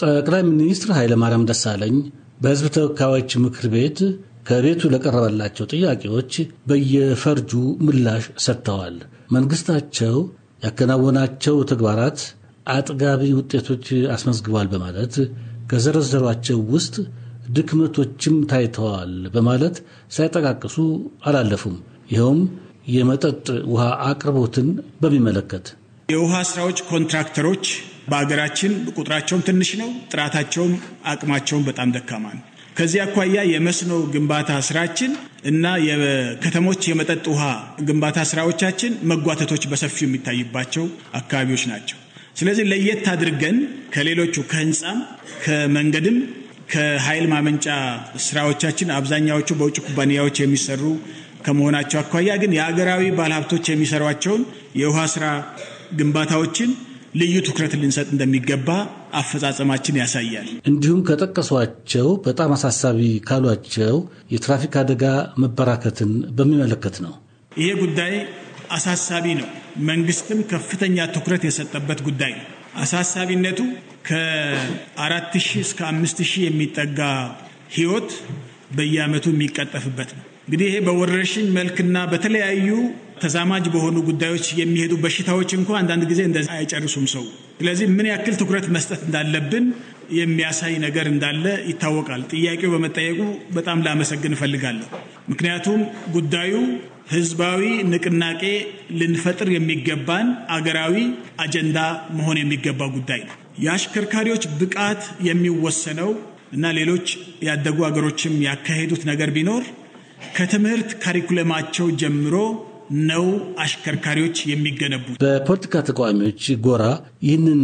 ጠቅላይ ሚኒስትር ኃይለማርያም ደሳለኝ በህዝብ ተወካዮች ምክር ቤት ከቤቱ ለቀረበላቸው ጥያቄዎች በየፈርጁ ምላሽ ሰጥተዋል። መንግስታቸው ያከናወናቸው ተግባራት አጥጋቢ ውጤቶች አስመዝግቧል በማለት ከዘረዘሯቸው ውስጥ ድክመቶችም ታይተዋል በማለት ሳይጠቃቅሱ አላለፉም። ይኸውም የመጠጥ ውሃ አቅርቦትን በሚመለከት የውሃ ስራዎች ኮንትራክተሮች በሀገራችን ቁጥራቸውም ትንሽ ነው፣ ጥራታቸውም አቅማቸውም በጣም ደካማ ነው። ከዚህ አኳያ የመስኖ ግንባታ ስራችን እና የከተሞች የመጠጥ ውሃ ግንባታ ስራዎቻችን መጓተቶች በሰፊው የሚታይባቸው አካባቢዎች ናቸው። ስለዚህ ለየት አድርገን ከሌሎቹ ከህንፃም ከመንገድም ከኃይል ማመንጫ ስራዎቻችን አብዛኛዎቹ በውጭ ኩባንያዎች የሚሰሩ ከመሆናቸው አኳያ ግን የሀገራዊ ባለሀብቶች የሚሰሯቸውን የውሃ ስራ ግንባታዎችን ልዩ ትኩረት ልንሰጥ እንደሚገባ አፈጻጸማችን ያሳያል። እንዲሁም ከጠቀሷቸው በጣም አሳሳቢ ካሏቸው የትራፊክ አደጋ መበራከትን በሚመለከት ነው። ይሄ ጉዳይ አሳሳቢ ነው። መንግስትም ከፍተኛ ትኩረት የሰጠበት ጉዳይ ነው። አሳሳቢነቱ ከአራት ሺህ እስከ አምስት ሺህ የሚጠጋ ህይወት በየአመቱ የሚቀጠፍበት ነው። እንግዲህ ይሄ በወረርሽኝ መልክና በተለያዩ ተዛማጅ በሆኑ ጉዳዮች የሚሄዱ በሽታዎች እንኳ አንዳንድ ጊዜ እንደዚህ አይጨርሱም ሰው። ስለዚህ ምን ያክል ትኩረት መስጠት እንዳለብን የሚያሳይ ነገር እንዳለ ይታወቃል። ጥያቄው በመጠየቁ በጣም ላመሰግን እፈልጋለሁ። ምክንያቱም ጉዳዩ ህዝባዊ ንቅናቄ ልንፈጥር የሚገባን አገራዊ አጀንዳ መሆን የሚገባ ጉዳይ ነው። የአሽከርካሪዎች ብቃት የሚወሰነው እና ሌሎች ያደጉ አገሮችም ያካሄዱት ነገር ቢኖር ከትምህርት ካሪኩለማቸው ጀምሮ ነው አሽከርካሪዎች የሚገነቡት። በፖለቲካ ተቃዋሚዎች ጎራ ይህንን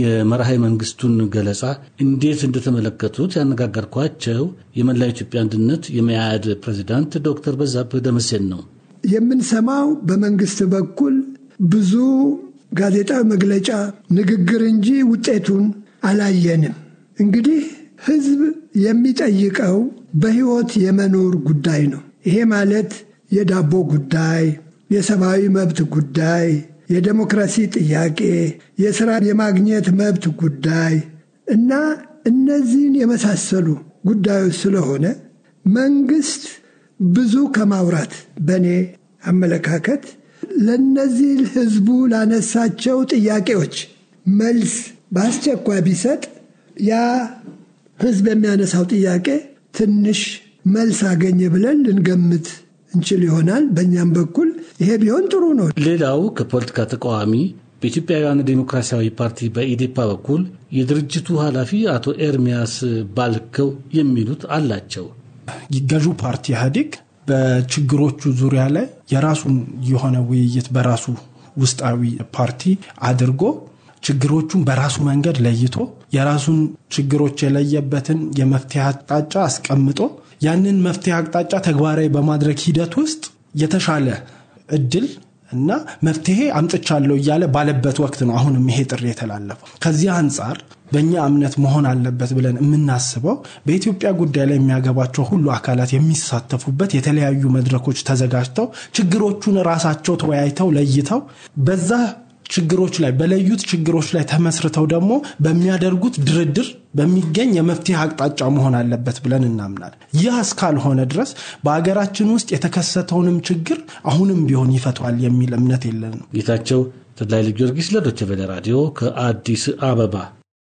የመርሃ መንግስቱን ገለጻ እንዴት እንደተመለከቱት ያነጋገርኳቸው የመላ ኢትዮጵያ አንድነት የመያድ ፕሬዚዳንት ዶክተር በዛብህ ደመሴን ነው። የምንሰማው በመንግስት በኩል ብዙ ጋዜጣዊ መግለጫ፣ ንግግር እንጂ ውጤቱን አላየንም። እንግዲህ ህዝብ የሚጠይቀው በሕይወት የመኖር ጉዳይ ነው። ይሄ ማለት የዳቦ ጉዳይ፣ የሰብአዊ መብት ጉዳይ፣ የዴሞክራሲ ጥያቄ፣ የሥራ የማግኘት መብት ጉዳይ እና እነዚህን የመሳሰሉ ጉዳዮች ስለሆነ መንግስት ብዙ ከማውራት በእኔ አመለካከት ለነዚህ ህዝቡ ላነሳቸው ጥያቄዎች መልስ በአስቸኳይ ቢሰጥ ያ ህዝብ የሚያነሳው ጥያቄ ትንሽ መልስ አገኘ ብለን ልንገምት እንችል ይሆናል። በእኛም በኩል ይሄ ቢሆን ጥሩ ነው። ሌላው ከፖለቲካ ተቃዋሚ በኢትዮጵያውያን ዴሞክራሲያዊ ፓርቲ በኢዴፓ በኩል የድርጅቱ ኃላፊ አቶ ኤርሚያስ ባልከው የሚሉት አላቸው። ገዢው ፓርቲ ኢህአዴግ በችግሮቹ ዙሪያ ላይ የራሱን የሆነ ውይይት በራሱ ውስጣዊ ፓርቲ አድርጎ ችግሮቹን በራሱ መንገድ ለይቶ የራሱን ችግሮች የለየበትን የመፍትሄ አቅጣጫ አስቀምጦ ያንን መፍትሄ አቅጣጫ ተግባራዊ በማድረግ ሂደት ውስጥ የተሻለ እድል እና መፍትሄ አምጥቻለሁ እያለ ባለበት ወቅት ነው አሁንም ይሄ ጥሪ የተላለፈው። ከዚህ አንጻር በእኛ እምነት መሆን አለበት ብለን የምናስበው በኢትዮጵያ ጉዳይ ላይ የሚያገባቸው ሁሉ አካላት የሚሳተፉበት የተለያዩ መድረኮች ተዘጋጅተው ችግሮቹን ራሳቸው ተወያይተው ለይተው በዛ ችግሮች ላይ በለዩት ችግሮች ላይ ተመስርተው ደግሞ በሚያደርጉት ድርድር በሚገኝ የመፍትሄ አቅጣጫ መሆን አለበት ብለን እናምናል። ይህ እስካልሆነ ድረስ በሀገራችን ውስጥ የተከሰተውንም ችግር አሁንም ቢሆን ይፈቷል የሚል እምነት የለንም። ጌታቸው ተድላይ ልጊዮርጊስ ለዶቸቬለ ራዲዮ ከአዲስ አበባ